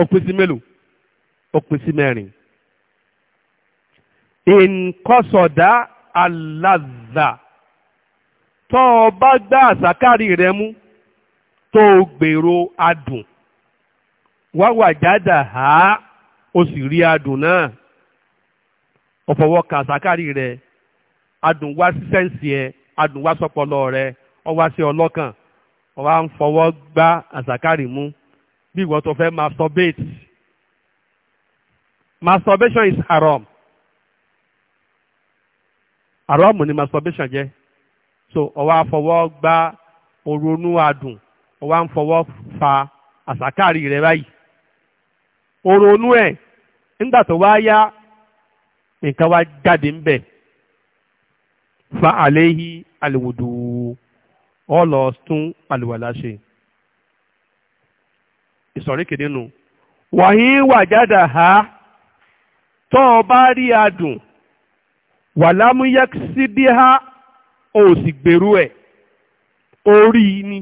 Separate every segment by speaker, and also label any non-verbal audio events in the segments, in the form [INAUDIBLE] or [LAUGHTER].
Speaker 1: ó pín sí mélòó ó pín sí mẹ́rin. ìǹkọ́sọ̀dá aláàzà tó o bá gbá àsákárì rẹ mú tó o gbèrò adùn wá wàjádà á o sì rí adùn náà o fọwọ́ kan àsákárì rẹ adùn wá sí sẹ́ǹsì ẹ adùn wá sọpọlọ rẹ ọ wá sí ọlọ́kàn ọ wá ń fọwọ́ gbá àsákárì mú bí ìwọ tó fẹ́ masturbate masturbation is haram haram ni masturbation jẹ́ so ọwọ́ afọwọ́ gbá oronú adùn ọwọ́ afọwọ́ fa àsàkárì rẹ báyìí oronú ẹ̀ nígbà tó wá yá nǹkan wá jáde ń bẹ̀ fa àléhí àlèwòdò ọlọ́ọ̀tún àlèwàlá ṣe ìsọ̀rí kìíní nu wàhí wàjádà ha tó o bá rí adùn wàlámúyẹ́sídí ha o sì gbèrú ẹ̀ orí ni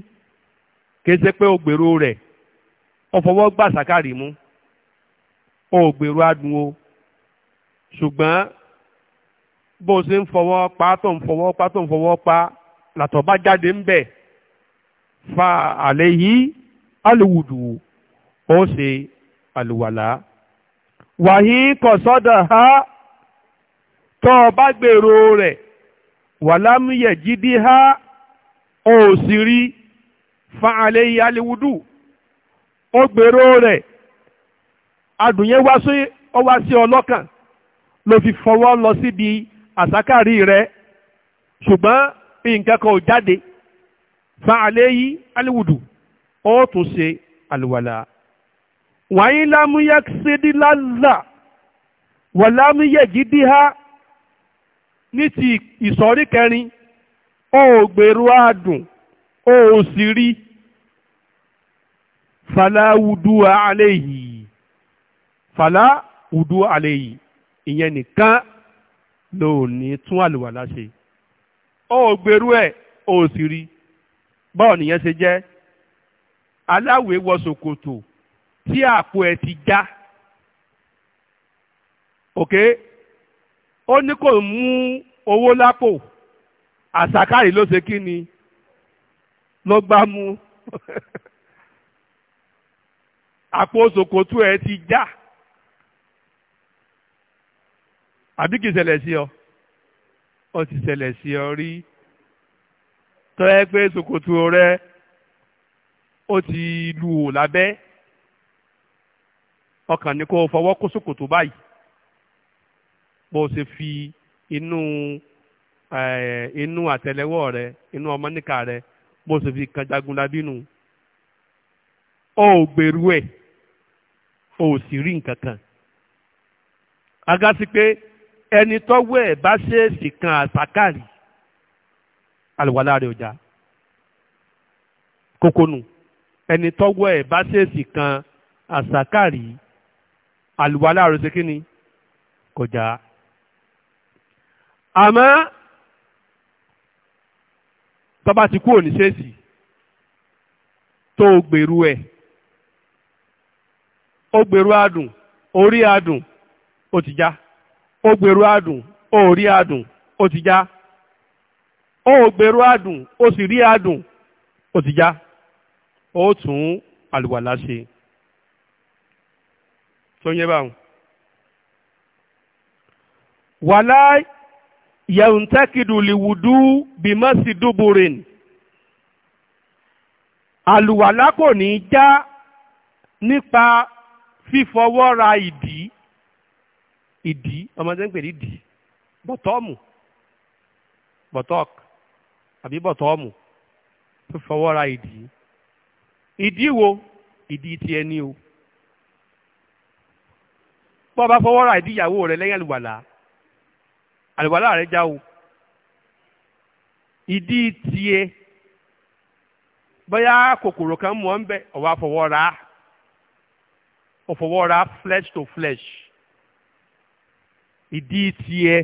Speaker 1: kéde pé o gbèrú rẹ̀ o fọwọ́ gbà sàkárì mú o gbèrú adùn o ṣùgbọ́n bó o ṣe ń fọwọ́ pa tó ń fọwọ́ pa tó ń fọwọ́ pa làtọ̀ bá jáde ń bẹ̀ fa àlẹ́ yìí alùwùdù ó ṣe àlùwàlá wàhí kọ̀sọ́dà ha tó o bá gbèrò rẹ̀ wàlámúyẹ̀ jídí ha ó sì rí fa àlẹ́ ìyálẹ́wùdù ó gbèrò rẹ̀ adùnyẹ́ wá sí ọ wá sí ọlọ́kàn ló fi fọwọ́ lọ síbi àsákàrí rẹ̀ ṣùgbọ́n nǹkan kan ò jáde fa àlẹ́ yìí aliwudu ó tún ṣe àlùwàlà wàyí lámúyẹ́ sídí lálà wà lámúyẹ́ gidi ha ní ti ìsọ̀rí kẹrin ó gbèrú àdùn ó sì rí fàláwùdú àléyìí fàlá ùdú àlèyí ìyẹn nìkan ló ní tún àlùwàlá ṣe ó gbèrú ẹ ó sì rí bọ́ọ̀ nìyẹn ṣe jẹ́ aláwẹ̀ wọ tí àpò ẹ̀ ti já ok ó ní kò mú owó lápò àṣàkárì ló ṣe kí ni ló gbá mú [LAUGHS] àpò ṣòkòtò ẹ̀ ti já àbí kìí ṣẹlẹ̀ sí ọ ó ti ṣẹlẹ̀ sí ọ rí tọ́ ẹ pé ṣòkòtò rẹ ó ti lu ò lábẹ́ ọkàn ni kó fọwọ́ kó sòkòtò báyìí bó ṣe fi inú eh, inú àtẹ́lẹwọ́ rẹ inú ọmọníkà rẹ bó ṣe fi kan jagunlabi nù ó gbèrú ẹ̀ ó sì rí nǹkan kan agasi pé ẹni tọ́wọ́ ẹ̀ bá ṣèèṣì kan àṣàkàrì àlùwàlá ọjà kókónù ẹni tọ́wọ́ ẹ̀ bá ṣèèṣì kan àṣàkàrì àlùwàlá rẹ̀ ṣe kí ni kọjá àmọ́ tọ́ba ti kú òní ṣèṣì tó o gbèrú ẹ̀ ó gbèrú adùn orí adùn ó ti já ó gbèrú adùn ó adùn ó ti já ó gbèrú adùn ó sì rí adùn ó ti já ó tún àlùwàlá ṣe tó yẹ báwọn. wàlá yẹ̀ǹtẹ́kìdù lìwùdú bímọ́sì dúburin àlùwàlá kò ní já nípa fífọwọ́ ra ìdí ìdí ọmọdé ń pè ní ìdí bọ̀tọ́ọ̀mù bọ̀tọ́ọ̀kì àbí bọ̀tọ́ọ̀mù fífọwọ́ ra ìdí ìdí wo ìdí ti ẹni o bọ́ ọ bá fọwọ́ ra ìdí ìyàwó rẹ lẹ́yìn àlùwàlà àlùwàlà rẹ já o ìdí tiẹ̀ bóyá kòkòrò kan mú ń bẹ ọ fọwọ́ ra ọ ra flesh to flesh ìdí tiẹ̀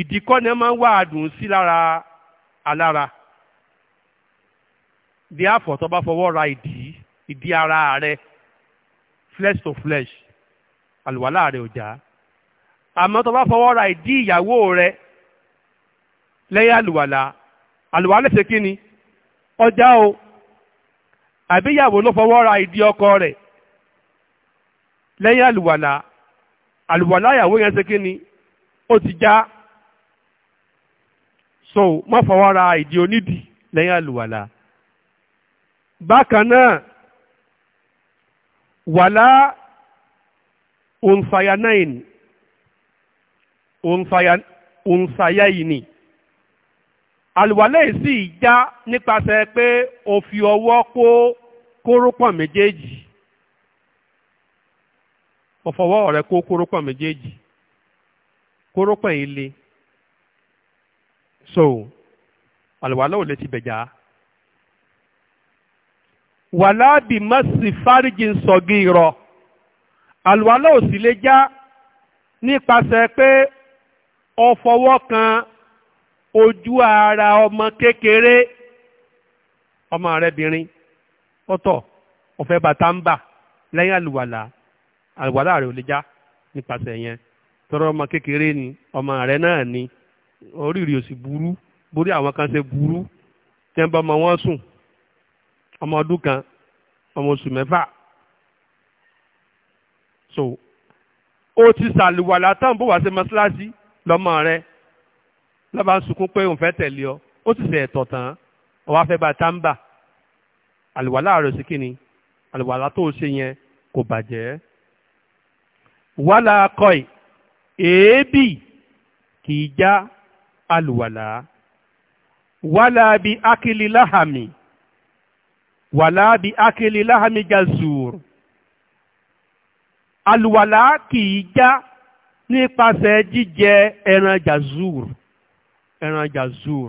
Speaker 1: ìdí kọ́ni máa ń wá àdùn sí lára alára díàfọ̀ tó bá fọwọ́ ra ìdí ìdí ara rẹ flesh to flesh àlùwàlá rẹ ò já àmọ́ tó bá fọwọ́ ra ìdí ìyàwó rẹ lẹ́yìn àlùwàlá àlùwàlá ṣe kí ni ọjà o àbí ìyàwó ló fọwọ́ ra ìdí ọkọ rẹ lẹ́yìn àlùwàlá àlùwàlá ìyàwó yẹn ṣe kí ni ó ti já so má fọwọ́ ra ìdí onídìí lẹ́yìn àlùwàlá bákan náà wàlá unsayanain unsayaini àlùwàlẹ̀ sì já nípasẹ̀ pé o fi ọwọ́ kó kórópọ̀n méjèèjì o fọwọ́ rẹ kó kórópọ̀n méjèèjì kórópọ̀n ilé so àlùwàlẹ̀ ò lè ti bẹ̀já wàlábì mọ́sì fárígì sọ̀gì rọ̀ àlùwàlá ò sì lè já nípasẹ̀ pé ó fọwọ́ kan ojú ara ọmọ kékeré ọmọ rẹ bìnrin ọ̀tọ̀ bàtà ń bà lẹ́yìn àlùwàlá àlùwàlá rẹ ò lè já nípasẹ̀ yẹn tọrọ ọmọ kékeré ni ọmọ rẹ náà ni oríire ò sì burú borí àwọn kan ṣe burú tí wọn sùn ọmọ ọdún kan ọmọ oṣù mẹ́fà so ó ti ṣàlùwàlà tán bó wá sí mọ́ṣáláṣí lọ́mọ rẹ lọ́ba ń sunkún pé òun fẹ́ tẹ̀lé ọ ó sì ṣe ẹ̀tọ̀ tán ó wá fẹ́ àlùwàlà rẹ̀ sí kíni àlùwàlà tó ṣe yẹn kò bàjẹ́ wàlà kọ́ì èébì kì já àlùwàlà wàlà bíi akílí láhàmì wàlá bí akele láhàmì jazur àlùwàlá kìí já nípasẹ̀ jíjẹ ẹran jazur ẹran jazur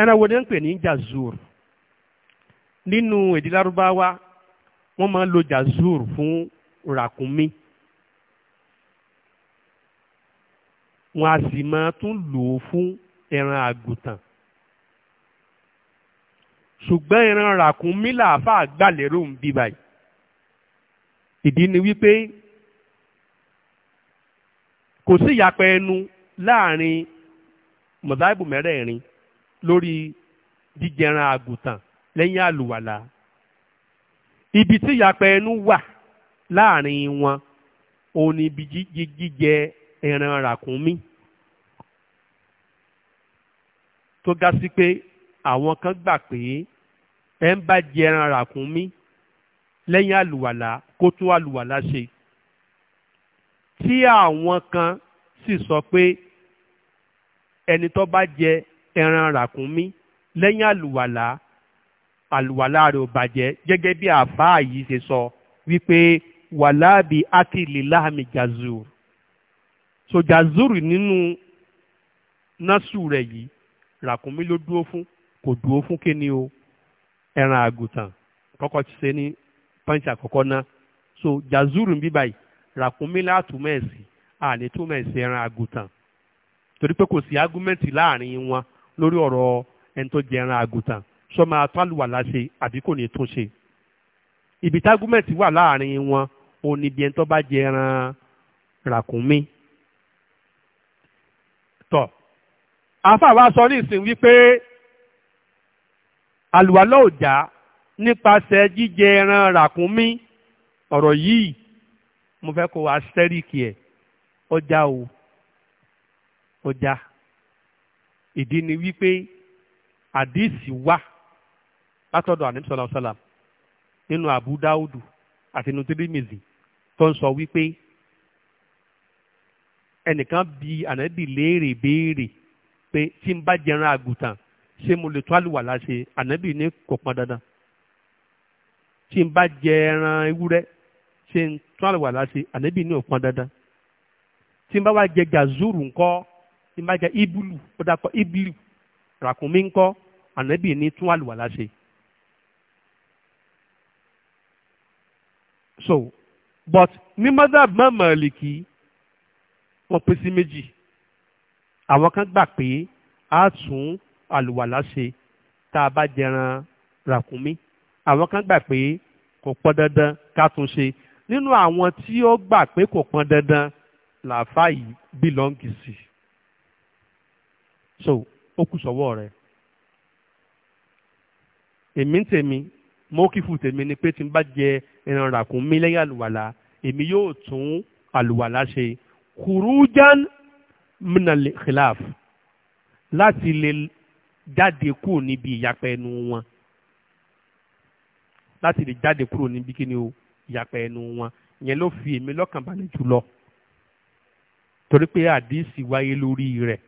Speaker 1: ẹran wo ni ń pè ní jazur nínú èdè lárúbáwá wọ́n máa ń lo jazur fún ràkúnmí wọ́n a sì máa tún lò ó fún ẹran àgùntàn ṣùgbọ́n ìran ràkúnmí làáfà gbàlérò ń bí báyìí ìdí ni wípé kò sí ìyapẹ ẹnu láàrin mọ̀dáìbù mẹ́rẹ̀ẹ̀rin lórí jíjẹran àgùntàn lẹ́yìn àlùwàlà ibi tí ìyapẹ ẹnu wà láàrin wọn òun ni ibi jíjẹ ẹran ràkúnmí tó ga sí pé àwọn kan gbà pé ẹ ń bá jẹ ẹran ràkúnmí lẹ́yìn àlùwàlà kó tún àlùwàlà ṣe tí àwọn kan sì sọ pé ẹni tó bá jẹ ẹran ràkúnmí lẹ́yìn àlùwàlà àlùwàlà rẹ̀ ò bàjẹ́ gẹ́gẹ́ bí àfáà yìí ṣe sọ wípé wàláàbí akílì láàmì jazur so jazur nínú násù rẹ̀ yìí ràkúnmí ló dúró fún kò dúró fún kíni o ẹran àgùntàn kọ́kọ́ ti ṣe ní pọ́ǹtì àkọ́kọ́ ná so jazuru ń bí báyìí ràkúnmí látúmọ̀ ẹ̀sì àní túmọ̀ ẹ̀sì ẹran àgùntàn torí pé kò sí ágúmẹ́ǹtì láàrin wọn lórí ọ̀rọ̀ ẹni tó jẹ ẹran àgùntàn sọ máa tálùwà láṣe àbí kò ní tún ṣe ibi tágúmẹ̀tì wà láàrin wọn ò ní bí ẹni tó bá jẹ ẹran ràkúnmí. tọ́ àfa wa sọ ní ìsìn wípé àlùwàlá ò já nípasẹ̀ jíjẹ ẹran ràkúnmí ọ̀rọ̀ yìí mo fẹ́ kó wa sẹ́ríkì ẹ̀ ọjà o ọjà ìdí ni wípé àdìsí wà látọ̀dọ̀ àníṣọ́lá ọ̀sálà nínú Abu Dáúdù àti nínú Tirmidhi tó ń sọ wípé ẹnìkan bi ànábì léèrè béèrè pé tí ń bá jẹran àgùntàn ṣé mo lè tó àlùwàlá ṣe ànábì ní kò pọn dandan tí n bá jẹ ẹran ewúrẹ́ ṣé n tó àlùwàlá ṣe ànábì ní ò dandan tí n bá wá jẹ gazuru ńkọ́ tí n bá jẹ ibulu ó dàpọ̀ ibulu ràkúnmí ńkọ́ ànábì ní tún àlùwàlá ṣe. so but ní mazhab má Màlíkì wọ́n pín sí méjì àwọn kan gbà pé a tún àlùwàlá ṣe tá a bá jẹran ràkúnmí àwọn kan gbà pé kò pọn dandan ká tún ṣe nínú àwọn tí ó gbà pé kò pọn dandan làáfà bílọ́ǹgì sí so ó kù sọ́wọ́ rẹ̀ èmi ń tèmi mọ́kìfù tèmi ni pé tí n bá jẹ ẹran ràkúnmí lẹ́yìn àlùwàlá èmi yóò tún àlùwàlá ṣe kùrúján minal khilaf láti lè jáde kúrò níbi ìyapa ẹnu wọn láti lè jáde kúrò níbi kíni o ìyapa ẹnu wọn ìyẹn ló fi èmi lọ́kàn balẹ̀ jùlọ torí pé àdìsí wáyé lórí rẹ̀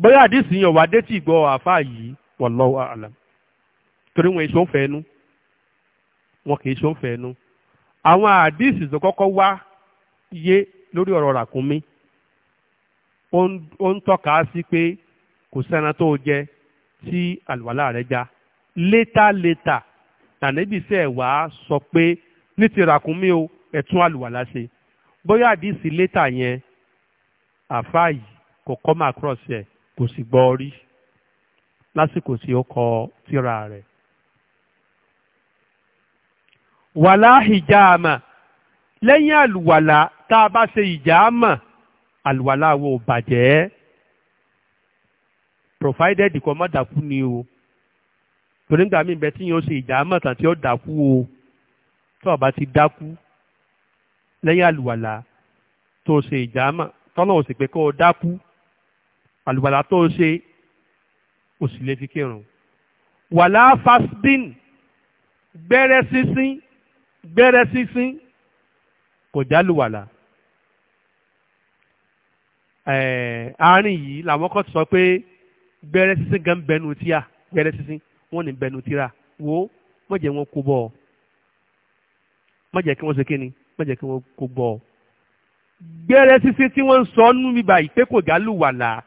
Speaker 1: bóyá àdìsí yẹn wà dé tí ìgbọ́ àáfàá yìí wallahu a'lam torí wọn èso ń fẹ́ nu wọn kì í so ń fẹ́ nu àwọn àdìsí tó kọ́kọ́ wá yé lórí ọ̀rọ̀ ràkúnmí ó ń tọ́ka sí pé kò sẹ́ran tó jẹ tí àlùwàlá rẹ̀ já létà létà tànẹ́bí sẹ́ wà á sọ pé ní ti ràkúnmí o ẹ̀tún àlùwàlá ṣe bóyá àdìsí létà yẹn àfáà yìí kò come across ẹ̀ kò sì gbọ́ rí lásìkò tí ó kọ tírà rẹ̀. wàlá hijama lẹ́yìn àlùwàlá tá a bá ṣe ìjàmà àlùwàlá wo bàjẹ́ provided kọ́ mọ́ dàkú ni o torí nígbà míì bẹ tí yẹn ó ṣe ìjà mọ̀tàn tí ó dàkú o tó o bá ti dákú lẹ́yìn àlùwàlà tó o ṣe ìjà mọ̀ tọ́nà ò sì pé kó o dákú àlùwàlà tó o ṣe o sì lè fi kírun wàlá fasbin gbẹ́rẹ́ sísín gbẹ́rẹ́ sísín kò jálùwàlà àárín yìí làwọn kan sọ pé gbẹrẹ sísìn gan bẹnu tíya gbẹrẹ sísìn wọn ní bẹnu tíra wo má jẹ́ wọn kó bọ ọ má jẹ́ kí wọn ṣe kí ni má jẹ́ kí wọn kó bọ ọ gbẹrẹ sísìn tí wọn sọ nú mi báyìí pé kò gálù wà là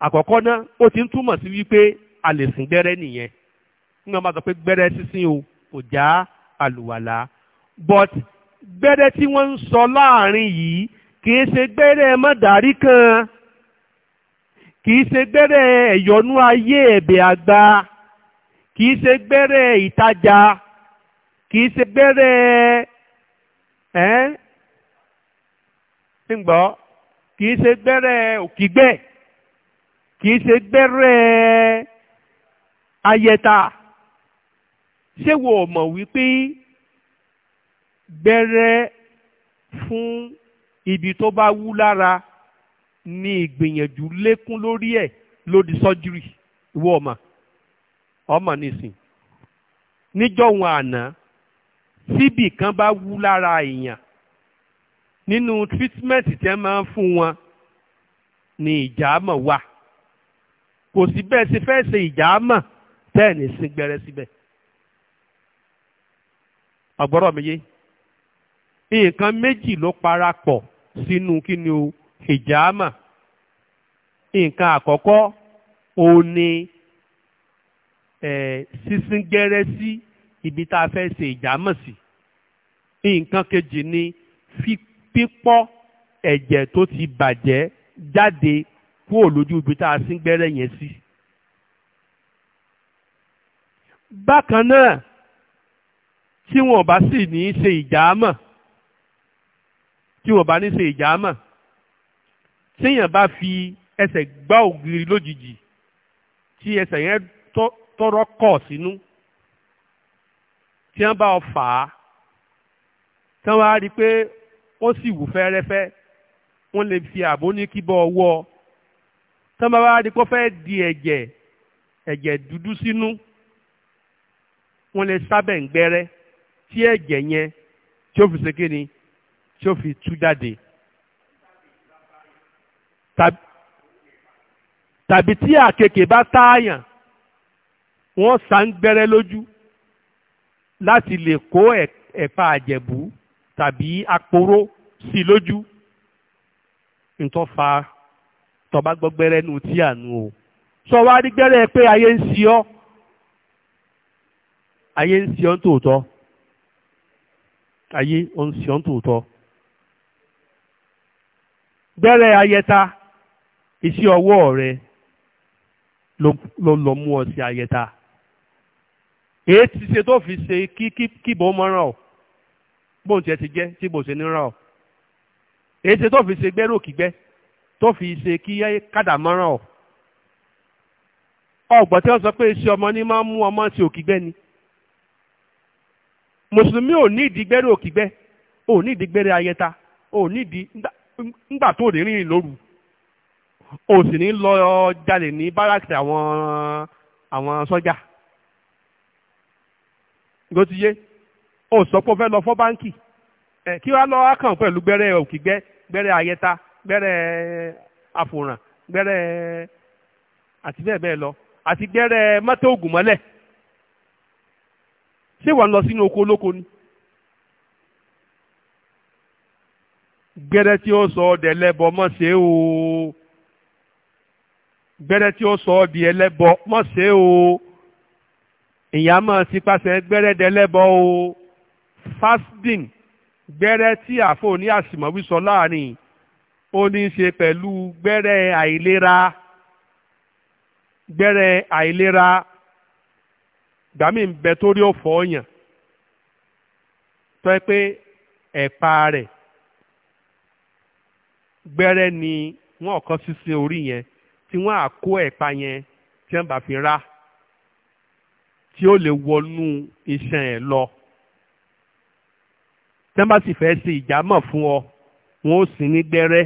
Speaker 1: àkọ́kọ́ náà ó ti ń túmọ̀ sí wípé a sìn gbẹrẹ nìyẹn nígbà máa sọ pé gbẹrẹ sísìn o kò já àlùwàlà but gbẹrẹ tí wọn ń sọ láàrin yìí kì í ṣe gbẹrẹ mọ́dàrí kan kìí ṣe gbẹ́rẹ́ ẹ̀yọ́nú ayé ẹ̀bẹ̀ àgbà kìí ṣe gbẹ́rẹ́ ìtajà kìí ṣe gbẹ́rẹ́ ẹ́ ńgbọ́ kìí ṣe gbẹ́rẹ́ òkìgbẹ́ kìí ṣe gbẹ́rẹ́ ayẹta ṣé wo mọ̀ wípé gbẹ́rẹ́ fún ibi tó bá wú lára ni ìgbìyànjú lékún lórí ẹ̀ lódi sọ́júrì ìwọ ọmọ ọmọ nìsín níjọ́ wọn àná tíbì kan bá wú lára èèyàn nínú treatment tẹ́ máa ń fún wọn ni ìjàmọ̀ wà kò sí bẹ́ẹ̀ ṣe fẹ́ ṣe ìjàmọ̀ bẹ́ẹ̀ ni sin gbẹrẹ síbẹ̀ ọ̀gbọ́rọ̀ mi yé nǹkan méjì ló parapọ̀ sínú kí ni o hijama nǹkan àkọ́kọ́ òun ni sísín gẹ́rẹ́ sí ibi tá a fẹ́ ṣe hijama sí nǹkan kejì ni pípọ́ ẹ̀jẹ̀ tó ti bàjẹ́ jáde kúrò lójú ibi tá a sín gbẹ́rẹ́ yẹn sí. bákan náà tí wọn bá sì ní í ṣe ìjàámọ̀ tí wọn bá ní ṣe ìjàámọ̀ téèyàn bá fi ẹsẹ̀ gbá ògiri lójijì tí ẹsẹ̀ yẹn tọrọ kọ̀ sínú tí wọ́n bá ọ fà á tí wọ́n á rí i pé ó sì wù fẹ́rẹ́fẹ́ wọ́n lè fi àbò ní kíbọ̀ ọwọ́ tí wọ́n bá wá rí i pé ó fẹ́ di ẹ̀jẹ̀ ẹ̀jẹ̀ dúdú sínú wọ́n lè sábẹ̀ ń gbẹ́rẹ́ tí ẹ̀jẹ̀ yẹn tí ó fi ṣe kí ni tí ó fi tú jáde tàbí tí àkekè bá táàyàn wọ́n sá ń gbẹ́rẹ́ lójú láti lè kó ẹ̀fà àjẹ̀bú tàbí aporó sí lójú ntọ́ fa tọba gbọ́gbẹ́rẹ́ nu tí àánú o sọ wá rí gbẹ́rẹ́ pé ayé ń si ọ́ ayé ń si ọ́ ń ayé ń si ọ́ ń gbẹ́rẹ́ ayẹta. Isi ọwọ́ rẹ ló lọ mú ọ sí ayẹta èyí ti ṣe tó fi ṣe kí kíbò ó mọ́ràn ọ́ ti jẹ tí bò ṣe ní ṣe tó fi ṣe gbẹ́rò kígbẹ́ tó fi ṣe kí kádà mọ́ràn ọ. ọgbọ̀n tí ọmọ ni máa ń ọmọ sí òkígbẹ́ ni mùsùlùmí ò ní ò ní ayẹta ò ní ìdí ńgbà o sì ní lọ jalè ní báràkì àwọn àwọn sọ́jà ló ti yé o sọ pé o fẹ́ lọ fọ báńkì ẹ kí wàá lọ akàn pẹ̀lú gbẹrẹ òkìgbẹ́ gbẹrẹ ayẹta gbẹrẹ àfòràn gbẹrẹ àti bẹ́ẹ̀ bẹ́ẹ̀ lọ àti gbẹrẹ mọ́tò ògùn mọ́lẹ̀ ṣé wàá lọ sínú oko olóko ni. gbẹrẹ tí ó sọ ọdẹ lẹ́bọ mọ́ ṣe o gbẹ́rẹ́ tí ó sọ ọ́ di ẹlẹ́bọ mọ̀ ṣe o ìyá máa sípasẹ̀ gbẹ́rẹ́ dẹlẹ́bọ o fasting gbẹ́rẹ́ tí àfò ní àsìmọ̀wí sọ láàrin ó ní í ṣe pẹ̀lú gbẹ́rẹ́ àìlera gbẹ́rẹ́ àìlera gbàmí ń bẹ torí ó fọ́ yàn tọ́ pé ẹ̀pa rẹ̀ gbẹ́rẹ́ ni wọ́n kọ́ sísin orí yẹn tí wọ́n á kó ẹ̀pà yẹn tí wọ́n bá fi rá tí ó lè wọnú iṣan ẹ̀ lọ tí wọ́n bá sì fẹ́ ṣe ìjàmọ̀ fún ọ wọ́n ó sìn ní gbẹ́rẹ́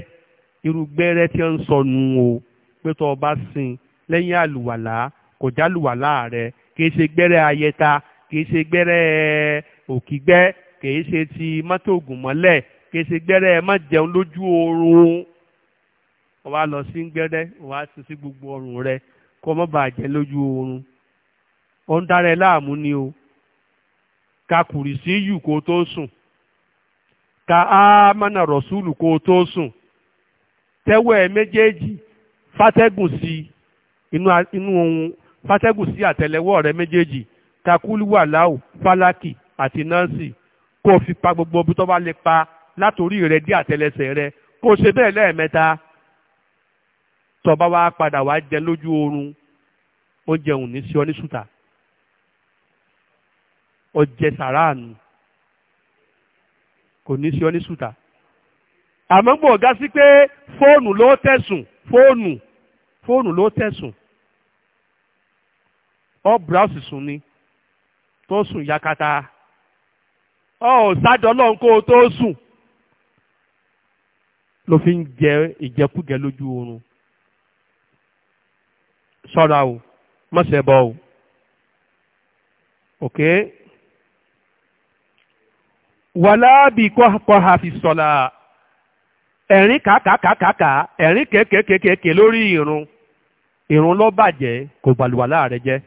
Speaker 1: irú gbẹ́rẹ́ tí wọ́n ń sọnù o pé tó o bá sìn lẹ́yìn àlùwàlá kò jálùwàlá rẹ kì ṣe gbẹ́rẹ́ ayẹta kì ṣe gbẹ́rẹ́ òkìgbẹ́ kì ṣe ti mọ́tò ògùn mọ́lẹ̀ ṣe gbẹ́rẹ́ má lójú oorun ó wá lọ sí gbẹ́rẹ́ ó wá sí sí gbogbo ọrùn rẹ kó má bàa jẹ́ lójú oorun ó ń dára ẹ láàmú ni o ka kùrì sí yù kó tó sùn ka ámánà rọ̀súlù kó tó sùn tẹ́wọ́ ẹ méjèèjì fàtẹ́gùn sí inú ohun fàtẹ́gùn sí àtẹlẹwọ́ rẹ méjèèjì ka kúlù láwù fálákì àti nọ́ọ̀sì kó o fi pa gbogbo ibi tó bá lè pa látòrí rẹ dé àtẹlẹsẹ̀ rẹ kó o ṣe bẹ́ẹ̀ lẹ́ẹ̀mẹ́ta tọba wa padà wá jẹ lójú oorun oúnjẹ òun ní sí ọ ní sùtà ọjẹ sàráànù kò ní sí ọ ní sùtà àmọ́ gbọ́ ọ̀gá sí pé fóònù ló tẹ̀sùn fóònù fóònù ló tẹ̀sùn ọ bùrọ̀sì sùn ni tó sùn yakata ọ ò sádọ́lọ́ kó o tó sùn ló fi ń jẹ ìjẹkújẹ lójú oorun. ṣọ́ra o má bọ o ok fi sọ̀la ẹ̀rín kàkàkàkàkà ẹ̀rín kékèkékèké lórí irun irun lọ bàjẹ́ kò gbàlùwàlá rẹ̀ jẹ́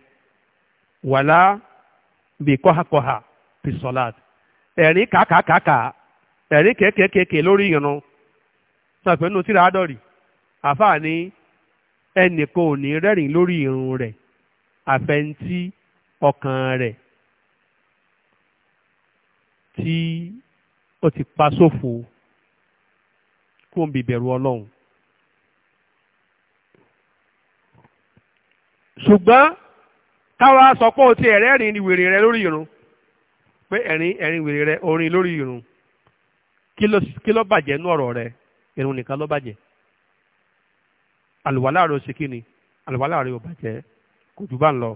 Speaker 1: wàlábì kọ́ha fi sọ̀la ẹ̀rín kàkàkàkà ẹ̀rín irun tíra àfáà ni. ẹnìkan ò ní rẹ́rìn lórí irun rẹ̀ àfẹntí ọkàn rẹ̀ tí ó ti pa sófo kó ń bìbẹ̀rù ọlọ́run. ṣùgbọ́n táwa sọ pé o ti ẹ̀rẹ́rìn ni wèrè rẹ lórí irun pé ẹ̀rín ẹ̀rín wèrè rẹ orin lórí irun kí ló bàjẹ́ nú ọ̀rọ̀ rẹ irun nìkan ló bàjẹ́ àlùwàlá rẹ ó ṣe kíni àlùwàlá rẹ ó bàjẹ́ kò jù bá ń lọ.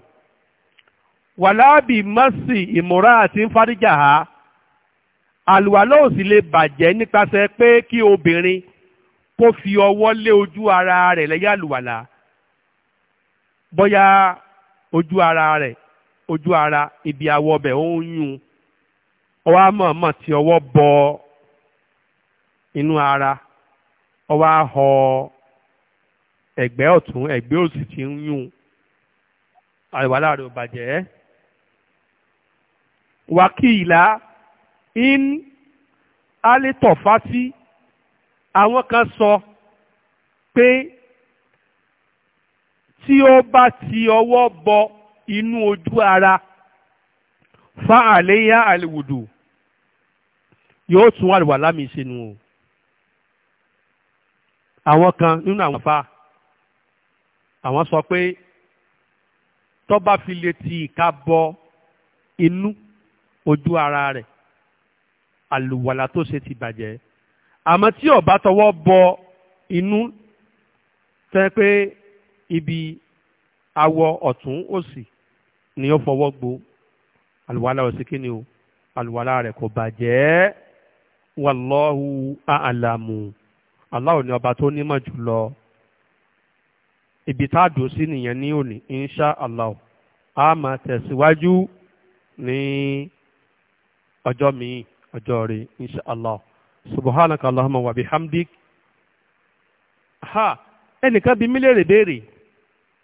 Speaker 1: wàlábì mọ́sì ìmúra àti ńfàdíjà ha àlùwàlá ò sì lè bàjẹ́ nípasẹ̀ pé kí obìnrin kó fi ọwọ́ lé ojú ara rẹ̀ lẹ́yìn àlùwàlá bóyá ojú ara rẹ̀ ojú ara ibi awọ ọbẹ̀ ó ń yún ọwọ́ àmọ̀ọ́mọ̀ tí ọwọ́ bọ inú ara ọwọ́ àhọ́ ẹ̀gbẹ́ ọ̀tún ẹ̀gbẹ́ òsì ti ń yún àìwálà rẹ̀ ò bàjẹ́ wákìlá in alétọ̀fásí àwọn kan sọ pé tí ó bá ti ọwọ́ bọ inú ojú ara fa àléyá àlèwòdò yóò tún àlùwàlá mi ṣe nù o àwọn kan nínú àwọn fa àwọn sọ pé tó bá fi lè ti ìka bọ inú ojú ara rẹ̀ àlùwàlà tó ṣe ti bàjẹ́ àmọ́ tí ó tọwọ́ bọ inú tẹ́ pé ibi awọ ọ̀tún òsì ni ó fọwọ́ gbo àlùwàlà òsì kí ni o àlùwàlà rẹ̀ kò bàjẹ́ wàlọ́hu àlàmù aláwo ni ọba tó nímọ̀ jùlọ. ibi tá a dùn sí nìyẹn ní òní insha allah a máa tẹ̀síwájú ní ọjọ́ míì ọjọ́ rẹ̀ insha allah subhanaka allahumma wa bihamdik ha ẹnìkan bí mílíọ̀nù béèrè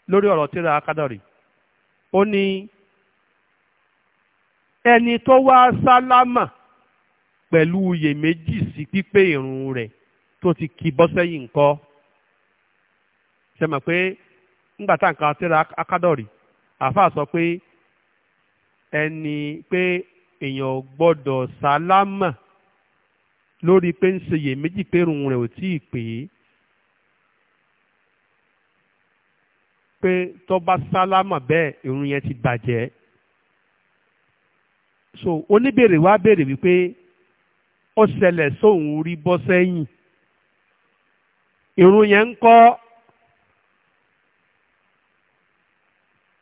Speaker 1: lórí ọ̀rọ̀ tíra akádọ̀rì ó ní ẹni tó wá sálámà pẹ̀lú iyèméjì sí pípé irun rẹ̀ tó ti kì bọ́ sẹ́yìn ṣe mọ̀ pé ńgbà tá nǹkan tíra akádọ̀rì àáfàá sọ pé ẹni pé èèyàn gbọ́dọ̀ sálámà lórí pé ń ṣeyè méjì pé irun rẹ̀ ò tí ì pé tó sálámà bẹ́ẹ̀ irun yẹn ti bàjẹ́ so oníbèrè wa béèrè wípé ó ṣẹlẹ̀ sóun rí bọ́ sẹ́yìn irun yẹn ń kọ́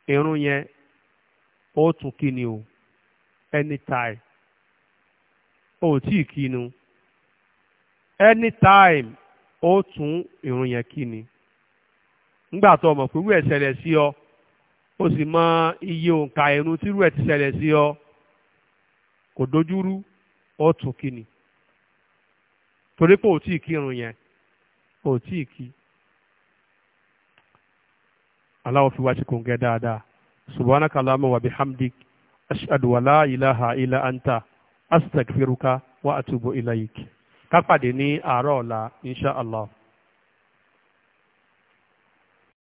Speaker 1: irun yẹn ó tún kí ni o anytime ó tí kí ni anytime ó tún irun yẹn kí ni tó mọ̀ pé irú ẹ̀ ṣẹlẹ̀ sí ọ ó sì mọ iye òǹkà irun tírú ẹ̀ ti ṣẹlẹ̀ sí ọ kò dojúrú ó tún kí ni torí pé aláwọ̀ fi wá ṣe kòǹgẹ́ dáadáa subhanaka allahumma wa bihamdik ashhadu wa la ilaha illa anta astaghfiruka wa atubu ilayk ká ní àárọ̀ ọ̀la insha